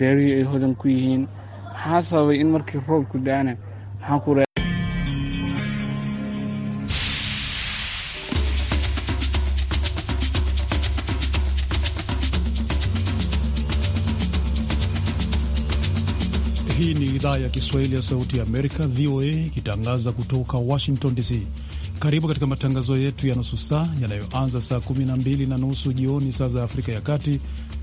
Dheeruhu ay hodan ku yihiin maxaa sababay in markii roobku da'ana Hii ni idhaa ya Kiswahili ya Sauti ya Amerika, VOA, ikitangaza kutoka Washington DC. Karibu katika matangazo yetu ya nusu saa yanayoanza saa 12 na nusu jioni saa za Afrika ya Kati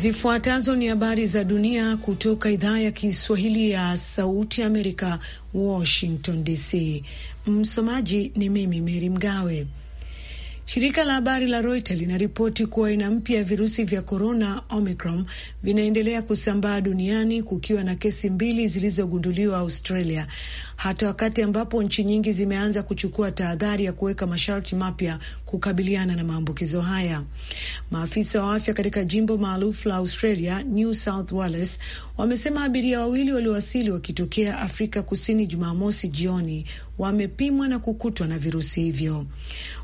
Zifuatazo ni habari za dunia kutoka idhaa ya Kiswahili ya Sauti Amerika, Washington DC. Msomaji ni mimi Meri Mgawe. Shirika la habari la Reuters linaripoti kuwa aina mpya ya virusi vya korona Omicron vinaendelea kusambaa duniani kukiwa na kesi mbili zilizogunduliwa Australia hata wakati ambapo nchi nyingi zimeanza kuchukua tahadhari ya kuweka masharti mapya kukabiliana na maambukizo haya. Maafisa wa afya katika jimbo maarufu la Australia, New South Wales, wamesema abiria wawili waliowasili wakitokea Afrika Kusini Jumamosi jioni wamepimwa na kukutwa na virusi hivyo.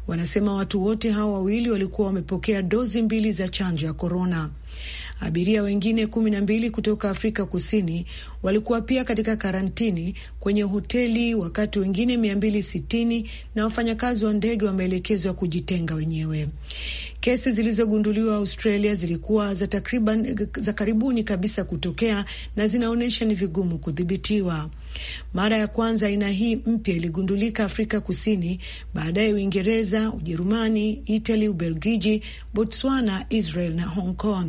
Wanasema watu wote hawa wawili walikuwa wamepokea dozi mbili za chanjo ya korona. Abiria wengine kumi na mbili kutoka Afrika Kusini walikuwa pia katika karantini kwenye hoteli, wakati wengine mia mbili sitini na wafanyakazi wa ndege wameelekezwa kujitenga wenyewe. Kesi zilizogunduliwa Australia zilikuwa za takriban za karibuni kabisa kutokea na zinaonyesha ni vigumu kudhibitiwa. Mara ya kwanza aina hii mpya iligundulika Afrika Kusini, baadaye Uingereza, Ujerumani, Itali, Ubelgiji, Botswana, Israel na Hong Kong.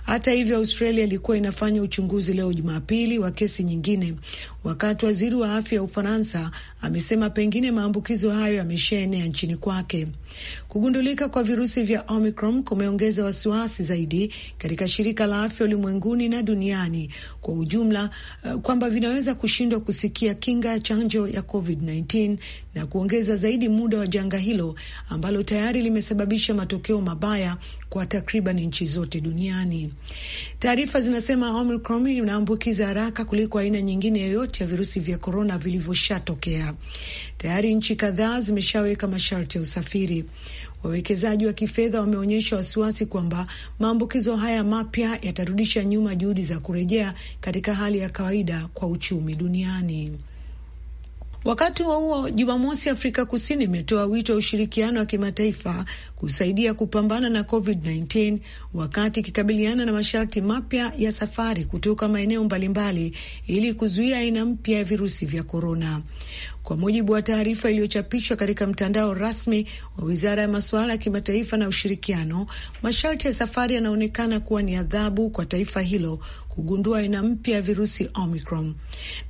Hata hivyo, Australia ilikuwa inafanya uchunguzi leo Jumapili wa kesi nyingine, wakati waziri wa afya ya Ufaransa amesema pengine maambukizo hayo yameshaenea nchini kwake. Kugundulika kwa virusi vya Omicron kumeongeza wasiwasi zaidi katika shirika la afya ulimwenguni na duniani kwa ujumla, uh, kwamba vinaweza kushindwa kusikia kinga ya chanjo ya COVID-19 na kuongeza zaidi muda wa janga hilo ambalo tayari limesababisha matokeo mabaya kwa takriban nchi zote duniani. Taarifa zinasema Omicron inaambukiza haraka kuliko aina nyingine yoyote ya virusi vya korona vilivyoshatokea. Tayari nchi kadhaa zimeshaweka masharti ya usafiri. Wawekezaji wa kifedha wameonyesha wasiwasi kwamba maambukizo haya mapya yatarudisha nyuma juhudi za kurejea katika hali ya kawaida kwa uchumi duniani. Wakati huo huo, Jumamosi Afrika Kusini imetoa wito wa ushirikiano wa kimataifa kusaidia kupambana na COVID-19 wakati ikikabiliana na masharti mapya ya safari kutoka maeneo mbalimbali ili kuzuia aina mpya ya virusi vya korona kwa mujibu wa taarifa iliyochapishwa katika mtandao rasmi wa wizara ya masuala ya kimataifa na ushirikiano, masharti ya safari yanaonekana kuwa ni adhabu kwa taifa hilo kugundua aina mpya ya virusi Omicron.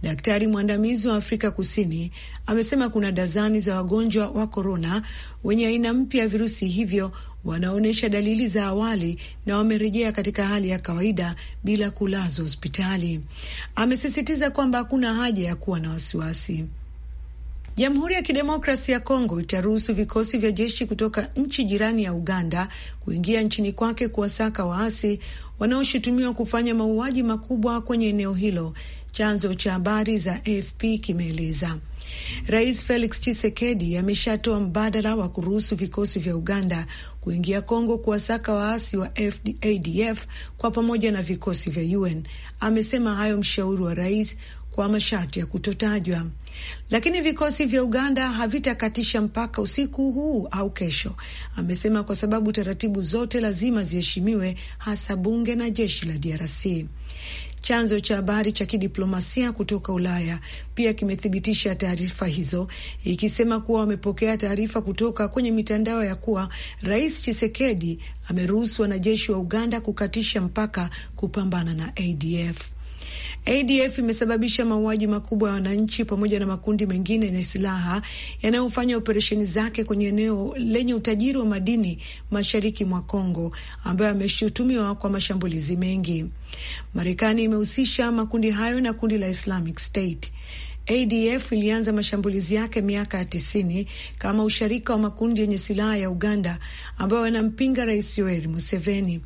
Daktari mwandamizi wa Afrika Kusini amesema kuna dazani za wagonjwa wa korona wenye aina mpya ya virusi hivyo wanaonyesha dalili za awali na wamerejea katika hali ya kawaida bila kulazwa hospitali. Amesisitiza kwamba hakuna haja ya kuwa na wasiwasi. Jamhuri ya Kidemokrasi ya Kongo itaruhusu vikosi vya jeshi kutoka nchi jirani ya Uganda kuingia nchini kwake kuwasaka waasi wanaoshutumiwa kufanya mauaji makubwa kwenye eneo hilo, chanzo cha habari za AFP kimeeleza. Rais Felix Tshisekedi ameshatoa mbadala wa kuruhusu vikosi vya Uganda kuingia Kongo kuwasaka waasi wa ADF kwa pamoja na vikosi vya UN. Amesema hayo mshauri wa rais kwa masharti ya kutotajwa lakini vikosi vya Uganda havitakatisha mpaka usiku huu au kesho, amesema, kwa sababu taratibu zote lazima ziheshimiwe, hasa bunge na jeshi la DRC. Chanzo cha habari cha kidiplomasia kutoka Ulaya pia kimethibitisha taarifa hizo ikisema kuwa wamepokea taarifa kutoka kwenye mitandao ya kuwa Rais Chisekedi ameruhusu wanajeshi wa Uganda kukatisha mpaka kupambana na ADF. ADF imesababisha mauaji makubwa ya wananchi pamoja na makundi mengine yenye silaha yanayofanya operesheni zake kwenye eneo lenye utajiri wa madini mashariki mwa Kongo, ambayo ameshutumiwa kwa mashambulizi mengi. Marekani imehusisha makundi hayo na kundi la Islamic State. ADF ilianza mashambulizi yake miaka ya tisini kama usharika wa makundi yenye silaha ya Uganda ambayo yanampinga Rais Yoweri Museveni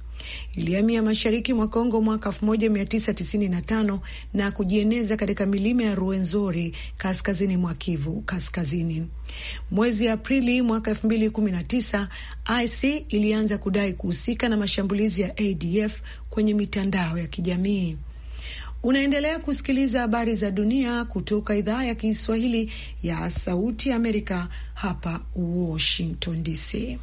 ilihamia mashariki mwa Kongo mwaka 1995 na kujieneza katika milima ya Ruwenzori kaskazini mwa Kivu Kaskazini. Mwezi Aprili mwaka 2019 IC ilianza kudai kuhusika na mashambulizi ya ADF kwenye mitandao ya kijamii. Unaendelea kusikiliza habari za dunia kutoka idhaa ya Kiswahili ya Sauti Amerika, hapa Washington DC.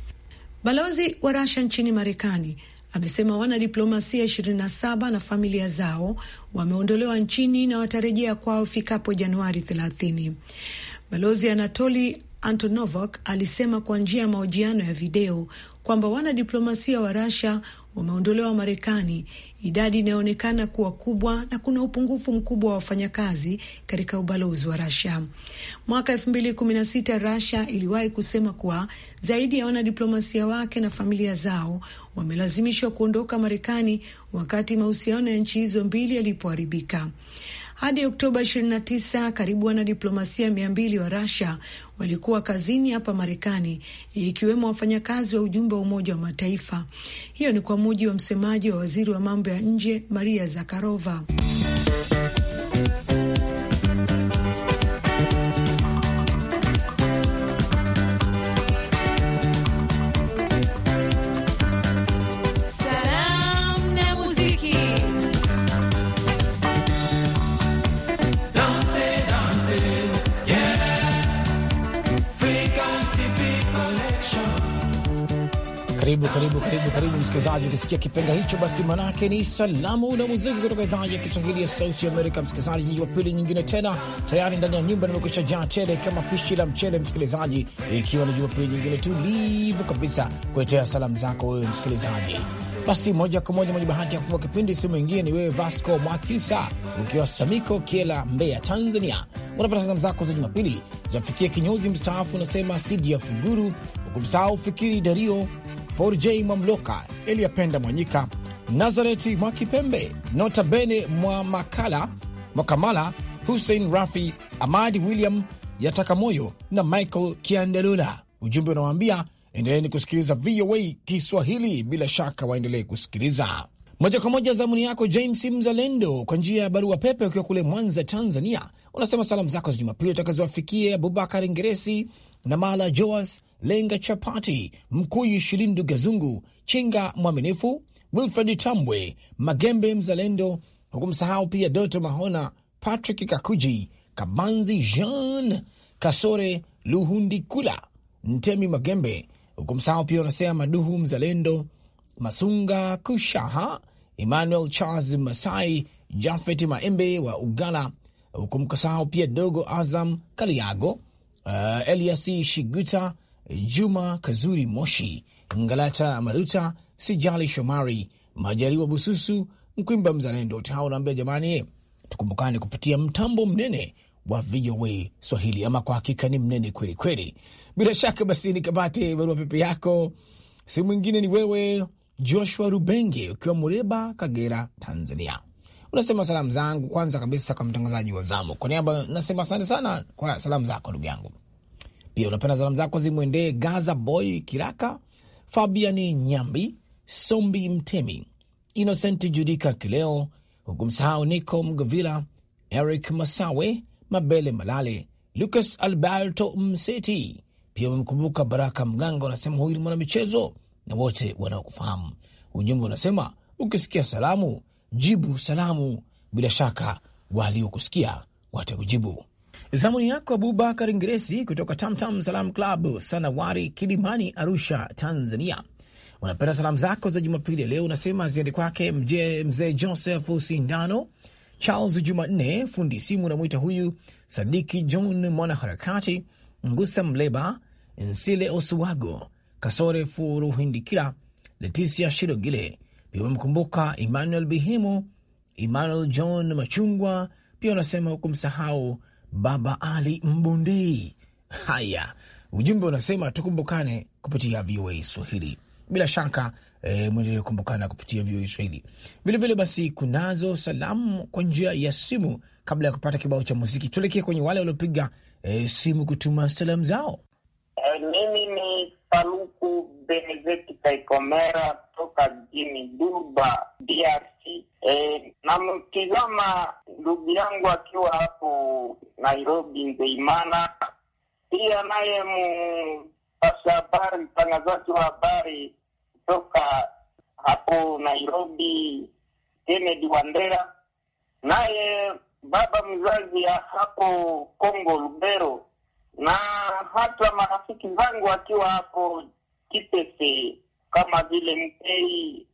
Balozi wa Rasha nchini Marekani amesema wanadiplomasia 27 na familia zao wameondolewa nchini na watarejea kwao ifikapo Januari 30. Balozi Anatoli Antonovok alisema kwa njia ya mahojiano ya video kwamba wanadiplomasia wa Russia wameondolewa Marekani, idadi inayoonekana kuwa kubwa, na kuna upungufu mkubwa wa wafanyakazi katika ubalozi wa Rasia. Mwaka elfu mbili kumi na sita Rasia iliwahi kusema kuwa zaidi ya wanadiplomasia wake na familia zao wamelazimishwa kuondoka Marekani wakati mahusiano ya nchi hizo mbili yalipoharibika. Hadi Oktoba 29 karibu wanadiplomasia mia mbili wa Rasia walikuwa kazini hapa Marekani, ikiwemo wafanyakazi wa ujumbe wa Umoja wa Mataifa. Hiyo ni kwa mujibu wa msemaji wa waziri wa mambo ya nje Maria Zakharova. Karibu karibu karibu karibu msikilizaji, ukisikia kipenga hicho, basi manake ni salamu na muziki kutoka idhaa ya Kiswahili ya Sauti Amerika. Msikilizaji, wa pili nyingine tena tayari ndani ya nyumba nimekusha jaa tele kama pishi la mchele. Msikilizaji, ikiwa ni Jumapili nyingine tulivu kabisa kuletea salamu zako wewe msikilizaji. Basi moja kwa moja mwenye bahati ya kufua kipindi simu ingine ni wewe Vasco Mwakyusa ukiwa Stamiko Kiela, Mbeya, Tanzania. Unapata salamu zako za Jumapili zinafikia kinyozi mstaafu, unasema Sidia Fuguru, ukumsahau Fikiri Dario Forjei Mwamloka, Eliapenda Mwanyika, Nazareti Mwakipembe, Notabene Mwamakala Mwakamala, Hussein Rafi, Amadi William Yatakamoyo na Michael Kiandelula. Ujumbe unawaambia endeleni kusikiliza VOA Kiswahili, bila shaka waendelee kusikiliza moja kwa moja. Zamuni yako James Mzalendo kwa njia ya barua pepe ukiwa kule Mwanza, Tanzania, unasema salamu zako za Jumapili utakaziwafikie Abubakar Ngeresi, Namala Joas, Lenga Chapati, Mkuyi Shilindu Gazungu, Chinga Mwaminifu, Wilfred Tambwe, Magembe Mzalendo, huku msahau pia Doto Mahona, Patrick Kakuji, Kabanzi Jean Kasore, Luhundi Kula, Ntemi Magembe, huku msahau pia unasema Maduhu Mzalendo, Masunga Kushaha, Emmanuel Charles Masai, Jafet Maembe wa Ugala, huku mkasahau pia Dogo Azam Kaliago uh, Elias Shiguta, Juma Kazuri Moshi, Ngalata Maruta, Sijali Shomari, Majaliwa Bususu, Mkwimba Mzalendo. Wote hao unaambia jamani, tukumbukane kupitia mtambo mnene wa VOA Swahili. Ama kwa hakika ni mnene kweli kweli. Bila shaka basi nikamate barua pepe yako, sehemu ingine ni wewe Joshua Rubenge ukiwa Mureba, Kagera, Tanzania unasema salamu zangu kwanza kabisa kwa mtangazaji wa zamu, kwa niaba nasema asante sana kwa salamu zako ndugu yangu. Pia unapenda salamu zako zimwendee Gaza Boy Kiraka, Fabiani Nyambi, Sombi Mtemi, Inosenti Judika Kileo, huku msahau Nico Mgavila, Eric Masawe, Mabele Malale, Lucas Alberto Mseti. Pia umemkumbuka Baraka Mganga, unasema huyu ni mwanamichezo na wote wanaokufahamu. Ujumbe unasema ukisikia salamu jibu salamu, bila shaka waliokusikia watakujibu. ni yako Abubakar Ngresi kutoka Tamtam Salam Club, Sanawari, Kilimani, Arusha, Tanzania. Unapenda salamu zako za Jumapili ya leo unasema ziende kwake mzee Joseph Sindano, Charles Jumanne fundi simu unamwita huyu, Sadiki John mwanaharakati, Ngusa Mleba, Nsile Osuwago, Kasore Furuhindikira, Leticia Shirogile, pia wamekumbuka Emmanuel Bihimo, Emmanuel John Machungwa, pia wanasema huku msahau Baba Ali Mbondei. Haya, ujumbe unasema tukumbukane kupitia VOA Swahili. Bila shaka e, mwendelee kukumbukana kupitia VOA Swahili vilevile. Basi kunazo salamu kwa njia ya simu. Kabla ya kupata kibao cha muziki, tuelekee kwenye wale waliopiga e, simu kutuma salamu zao. Eh, mimi ni gazeti Kaikomera toka mjini Duba, DRC. E, namtizama ndugu yangu akiwa hapo Nairobi, Nzeimana, pia naye mpasha habari, mtangazaji wa habari kutoka hapo Nairobi, Kennedy Wandera, naye baba mzazi ya hapo Kongo Lubero, na hata marafiki zangu akiwa hapo Kipese kama vile Mpei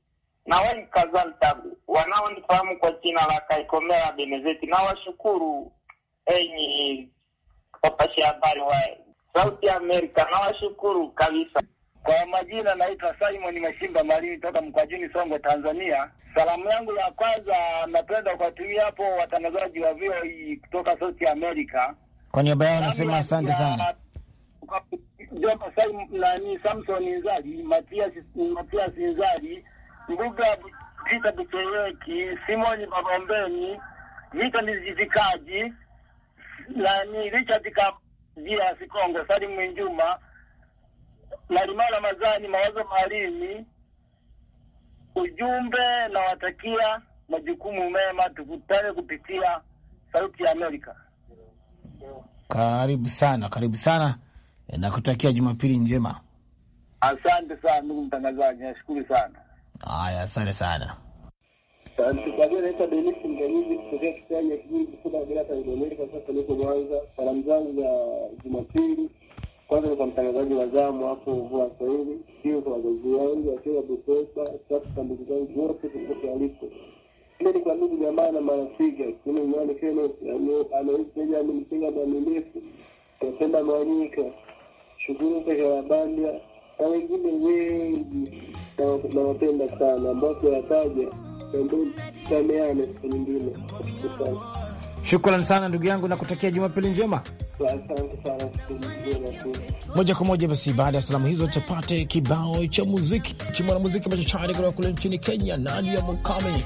na wani kazantabu wanaonifahamu kwa jina la Kaikomera Benezeti, na washukuru enyi wapashi habari wa Sauti ya Amerika, na kabisa. Kwa majina naitwa Simon Mashimba malini toka Mkwajini, Songwe, Tanzania. Salamu yangu ya kwanza napenda kuwatumia hapo watangazaji wa VOA e kutoka Sauti ya Amerika. Kwa niaba yao nasema asante sana nani Samson Nzali, Matias Matias Nzali, Mbuga Peter Bucheweki, Simoni Babombeni, Vita Mizivikaji, nani Richard Kabia Sikongo, Salim Mwenjuma, Malimala Mazani, Mawazo Malimi. Ujumbe nawatakia majukumu mema, tukutane kupitia Sauti ya Amerika. Karibu sana, karibu sana Eh, na kutakia Jumapili njema. Asante sana ndugu mtangazaji, nashukuru sana. Haya, asante sana. Salamu zangu za Jumapili kwanza kwa mtangazaji wa zamu hapo Vua Swahili, sio kwa wazazi wangu wakiwa Bukoba, zangu wote popote ni kwa ndugu jamaa na marafiki, mwaminifu, mwanyika shughuli za ya na wengine wengi, na wapenda sana ambao kuyataja tameana siku nyingine. Shukrani sana ndugu yangu, na kutakia Jumapili njema. Moja kwa moja basi, baada ya salamu hizo, tupate kibao cha muziki cha mwanamuziki machachari kutoka kule nchini Kenya, Nadia Mukami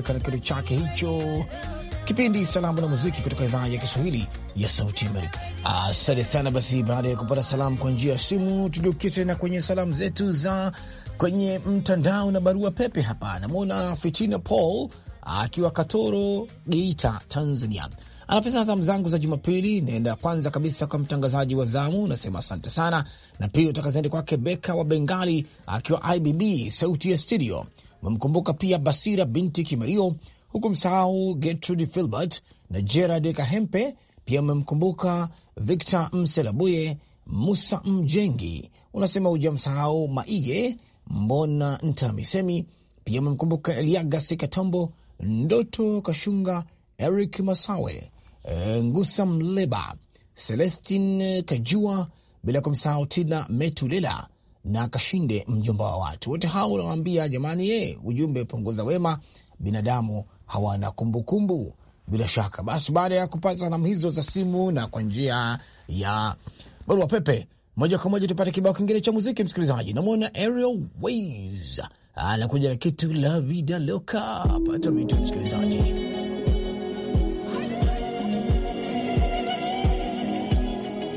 akiweka na kitu chake hicho. Kipindi salamu na muziki kutoka idhaa ya Kiswahili ya Sauti Amerika. Asante sana. Basi baada ya kupata salamu kwa njia ya simu, tuliukie tena kwenye salamu zetu za kwenye mtandao na barua pepe. Hapa namwona Fitina Paul akiwa Katoro, Geita, Tanzania. Anapesa salamu zangu za Jumapili, naenda kwanza kabisa kwa mtangazaji wa zamu, nasema asante sana, na pia utakazende kwake Beka wa Bengali akiwa IBB sauti ya studio Memkumbuka pia Basira binti Kimario, huku msahau Gertrude Filbert na Gerard Kahempe. Pia mmemkumbuka Victor Mselabuye, Musa Mjengi, unasema huja msahau Maige Mbona Ntamisemi. Pia mmemkumbuka Eliagas Katombo, Ndoto Kashunga, Eric Masawe, Ngusa Mleba, Celestin Kajua, bila kumsahau Tina Metulela na kashinde mjomba wa watu wote hao. Unawaambia jamani, ye eh, ujumbe punguza wema, binadamu hawana kumbukumbu kumbu. Bila shaka basi, baada ya kupata salamu hizo za simu na kwa njia ya barua pepe, moja kwa moja tupate kibao kingine cha muziki. Msikilizaji, namwona Ariel Ways anakuja na kitu la vida loka. Pata vitu msikilizaji.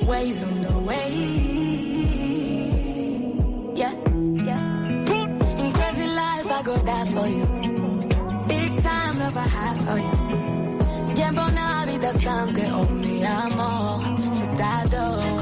Ways on the way. go die for you. Big time love I have for you. Jambo na vida sante o mi amor. Chutado.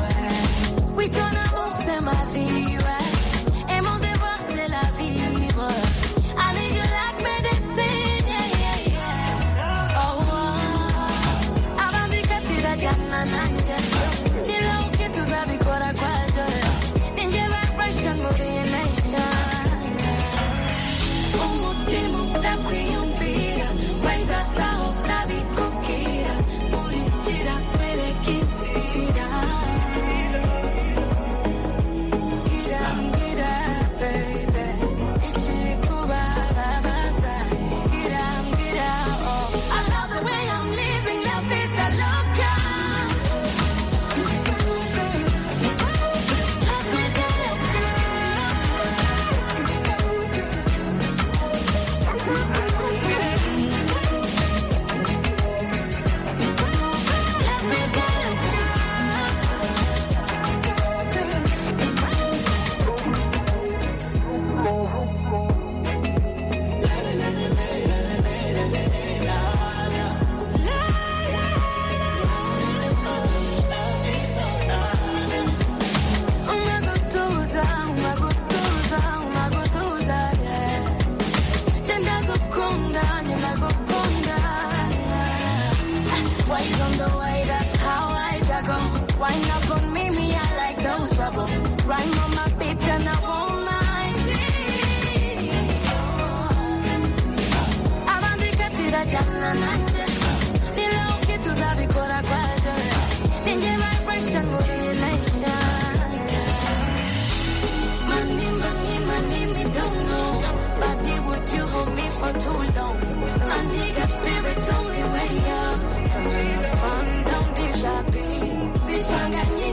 for too long. My nigga spirit's only way up. From where you don't be shabby. Sichanganye.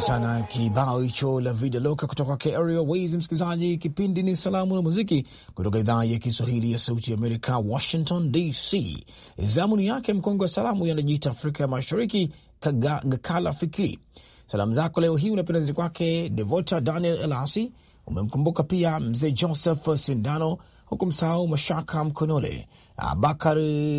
sana kibao hicho la vida loka kutoka kwake Aerial Ways. Msikilizaji, kipindi ni salamu na muziki kutoka idhaa ya Kiswahili ya Sauti ya Amerika, Washington DC. Zamuni yake mkongo wa salamu yanajiita Afrika ya Mashariki, Kaga, Fikiri. Salamu zako leo hii unapenda zili kwake Devota Daniel Elasi, umemkumbuka pia mzee Joseph Sindano, huku msahau Mashaka Mkonole, Abakar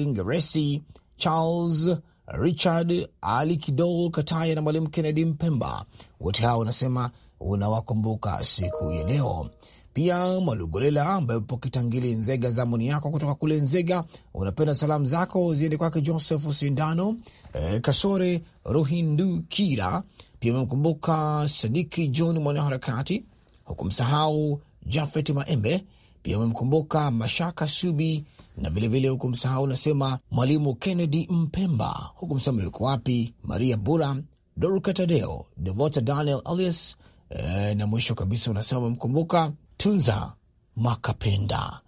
Ngeresi, Charles Richard Ali Kidogo Kataya na mwalimu Kennedy Mpemba. Wote hao wanasema unawakumbuka siku ya leo. Pia Mwalugolela ambaye upo Kitangili, Nzega, zamuni yako kutoka kule Nzega, unapenda salamu zako ziende kwake Joseph Sindano, e, Kasore Ruhindukira. Pia umemkumbuka Sadiki John mwanaharakati, hukumsahau Jafet Maembe. Pia umemkumbuka Mashaka Subi na vilevile huku msahau unasema Mwalimu Kennedy Mpemba, huku msema yuko wapi, Maria Bura, Doruka Tadeo, Devota Daniel Alias e, eh, na mwisho kabisa unasema mkumbuka Tunza Makapenda.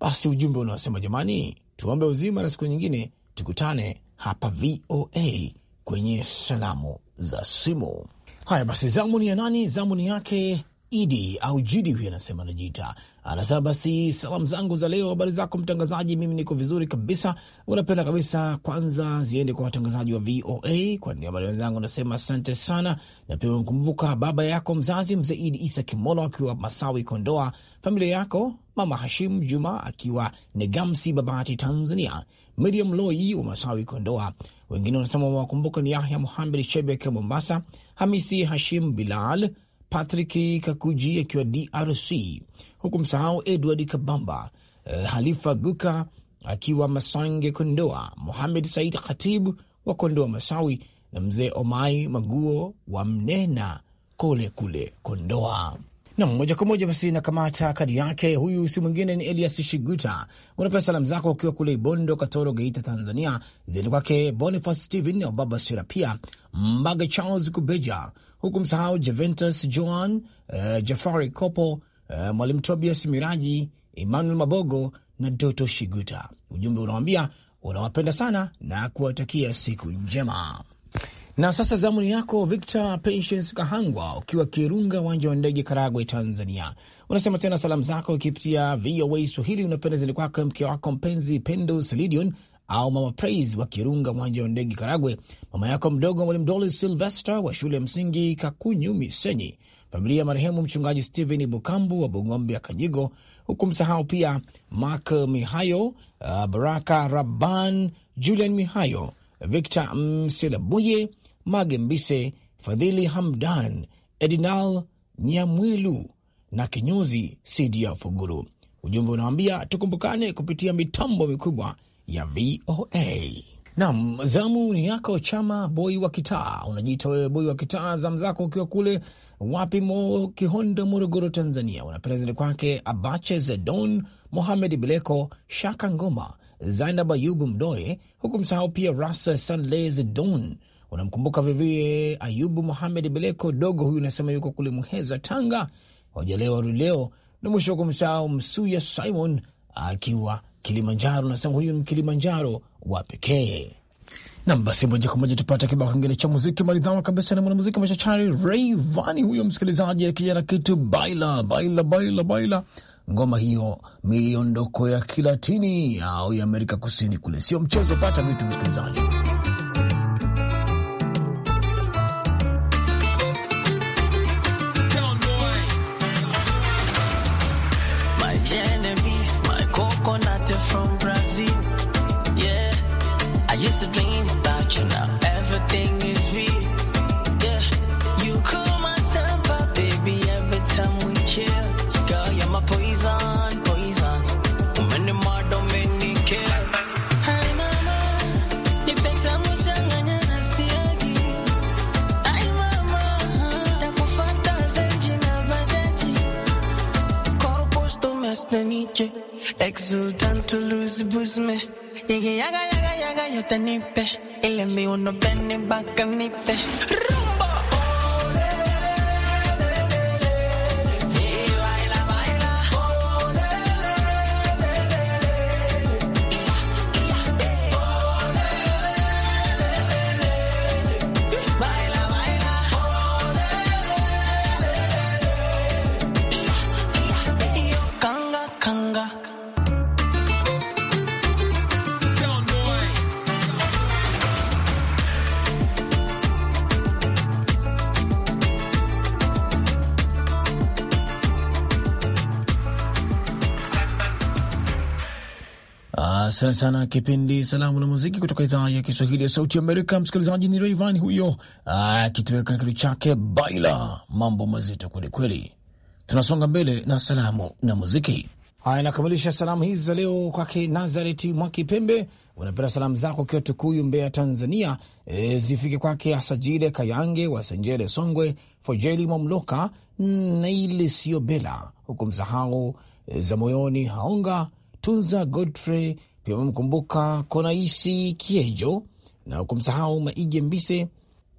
Basi ujumbe unaosema jamani, tuombe uzima na siku nyingine tukutane hapa VOA kwenye salamu za simu. Haya basi, zamu ni ya nani? Zamu ni yake Idi au Jidi, huyo anasema anajiita Anasema basi, salamu zangu za leo, habari zako mtangazaji, mimi niko vizuri kabisa, unapenda kabisa. Kwanza ziende kwa watangazaji wa VOA, kwa niaba ya wenzangu nasema asante sana, na pia baba yako mzazi Mzeidi Isa Kimolo akiwa Masawi, Kondoa, familia yako mama Hashim Juma akiwa Negamsi, Babati, Tanzania, Miriam Loi wa Masawi, Kondoa. Wengine wanasema wawakumbuka ni Yahya Muhamed Shebe akiwa Mombasa, Hamisi Hashim Bilal, Patrick Kakuji akiwa DRC huku msahau Edward Kabamba, eh, Halifa Guka akiwa Masange Kondoa, muhamed Said Khatibu wa Kondoa Masawi na mzee Omai Maguo wa Mnena Kole kule Kondoa. Na moja kwa moja basi nakamata kadi yake. Huyu si mwingine ni Elias Shiguta. Unapewa salamu zako ukiwa kule Ibondo, Katoro, Geita, Tanzania, ziende kwake Boniface Stephen au Baba pia Mbaga, Charles Kubeja, huku msahau Juventus Joan, uh, Jafari Kopo Eh, Mwalimu Tobias Miraji, Emmanuel Mabogo na Doto Shiguta. Ujumbe unawambia unawapenda sana na kuwatakia siku njema. Na sasa ni yako Victor Patience Kahangwa, ukiwa Kirunga, uwanja wa ndege Karagwe, Tanzania. Unasema tena salamu zako ikipitia VOA Swahili, unapenda zili kwako mke wako mpenzi Pendo Selidion au Mama Praise wa Kirunga, uwanja wa ndege Karagwe, mama yako mdogo Mwalimu Dolis Silvester wa shule ya msingi Kakunyu Misenyi, familia ya marehemu mchungaji Stephen Bukambu wa Bungombe ya Kanyigo, huku msahau pia Mark Mihayo, uh, Baraka Rabban, Julian Mihayo, Victor Mselabuye, Mage Mbise, Fadhili Hamdan, Edinal Nyamwilu na kinyozi Sidia Fuguru. Ujumbe unawambia tukumbukane kupitia mitambo mikubwa ya VOA. Nam, zamu ni yako Chama Boi wa Kitaa. Unajiita wewe Boi wa Kitaa, zamu zako ukiwa kule wapi mo Kihondo, Morogoro, Tanzania, wanaprezenti kwake Abache Zedon, Mohamed Bileko, Shaka Ngoma, Zainab Ayubu Mdoe, huku msahau pia Rasa Sanley Zedon. Unamkumbuka vivie Ayubu Mohamed Bileko dogo, huyu unasema yuko kule Muheza, Tanga, wajalewa leo na mwisho wa kumsahau Msuya Simon akiwa Kilimanjaro, unasema huyu kilimanjaro wa pekee. Nam, basi moja kwa moja tupate kibao kingine cha muziki maridhawa kabisa na mwanamuziki machachari Rayvanny huyo msikilizaji, akija na kitu baila baila baila baila, ngoma hiyo miondoko ya Kilatini au ya Amerika Kusini kule, sio mchezo. Pata vitu msikilizaji. me. Llegué, yaga, ya haga yo te nipe. Y le envío unos Asante sana. Kipindi Salamu na Muziki kutoka idhaa ya Kiswahili ya Sauti Amerika. Msikilizaji ni Rayvan huyo ah, akituweka kitu chake baila, mambo mazito kwelikweli. Tunasonga mbele na Salamu na Muziki. Haya, inakamilisha salamu hizi za leo kwake Nazareti Mwakipembe. Unapenda salamu zako ukiwa Tukuyu, Mbeya, Tanzania. E, zifike kwake Asajile Kayange, Wasenjele Songwe, Fojeli Mamloka, Naili Siobela, huku msahau e, za moyoni Haonga Tunza Godfrey pia wamemkumbuka Konaisi Kiejo na kumsahau Maige Mbise.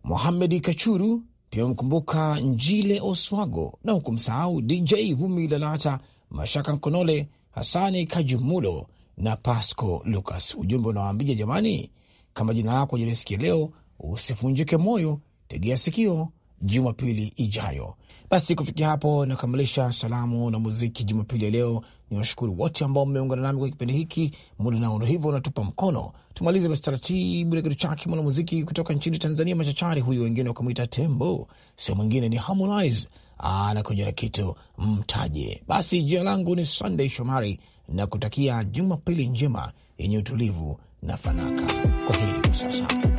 Mohamed Kachuru pia wamemkumbuka Njile Oswago na hukumsahau DJ Vumi Lalata, Mashaka Nkonole, Hasani Kajumulo na Pasco Lucas. Ujumbe unawaambia jamani, kama jina lako jalisikia leo, usifunjike moyo, tegea sikio Jumapili ijayo. Basi kufikia hapo nakamilisha salamu na muziki Jumapili ya leo. Ni washukuru wote ambao mmeungana nami kwa kipindi hiki, muda nao ndo hivyo unatupa mkono. Tumalize basi taratibu na kitu chake mwanamuziki kutoka nchini Tanzania, machachari huyu, wengine wakamwita Tembo, sehemu mwingine ni Harmonize anakuja na kitu mtaje. Basi jina langu ni Sunday Shomari na kutakia Jumapili njema yenye utulivu na fanaka. Kwa heri kwa sasa.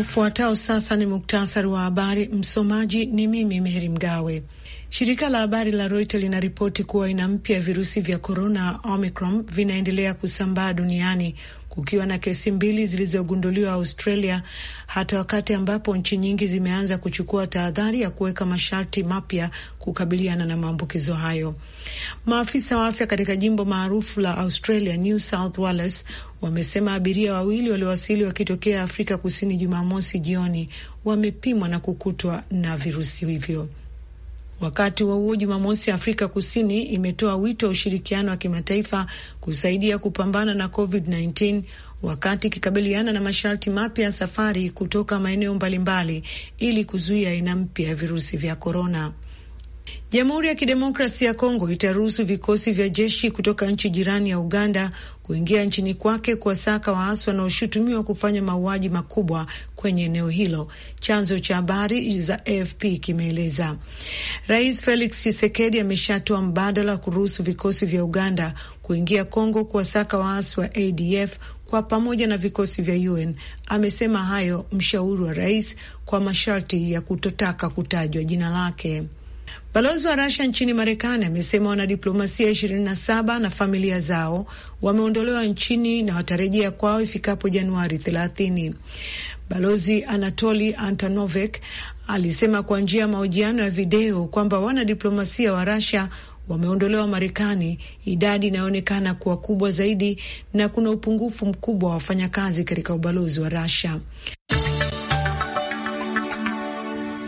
Ufuatao sasa ni muktasari wa habari. Msomaji ni mimi Meri Mgawe. Shirika la habari la Reuters linaripoti kuwa aina mpya ya virusi vya korona Omicron vinaendelea kusambaa duniani kukiwa na kesi mbili zilizogunduliwa Australia, hata wakati ambapo nchi nyingi zimeanza kuchukua tahadhari ya kuweka masharti mapya kukabiliana na maambukizo hayo. Maafisa wa afya katika jimbo maarufu la Australia, New South Wales, wamesema abiria wawili waliowasili wakitokea Afrika Kusini Jumamosi jioni wamepimwa na kukutwa na virusi hivyo. Wakati wa huo Jumamosi, Afrika Kusini imetoa wito wa ushirikiano wa kimataifa kusaidia kupambana na COVID-19 wakati ikikabiliana na masharti mapya ya safari kutoka maeneo mbalimbali ili kuzuia aina mpya ya virusi vya korona. Jamhuri ya kidemokrasi ya Kongo itaruhusu vikosi vya jeshi kutoka nchi jirani ya Uganda kuingia nchini kwake kuwasaka waasi wanaoshutumiwa kufanya mauaji makubwa kwenye eneo hilo, chanzo cha habari za AFP kimeeleza. Rais Felix Tshisekedi ameshatoa mbadala wa kuruhusu vikosi vya Uganda kuingia Kongo kuwasaka waasi wa ADF kwa pamoja na vikosi vya UN. Amesema hayo mshauri wa rais, kwa masharti ya kutotaka kutajwa jina lake. Balozi wa Rasia nchini Marekani amesema wanadiplomasia ishirini na familia zao wameondolewa nchini na watarejea kwao ifikapo Januari thelathini. Balozi Anatoli Antanovek alisema kwa njia ya mahojiano ya video kwamba wanadiplomasia wa Rasia wameondolewa Marekani, idadi inayoonekana kuwa kubwa zaidi, na kuna upungufu mkubwa wa wafanyakazi katika ubalozi wa Rasia.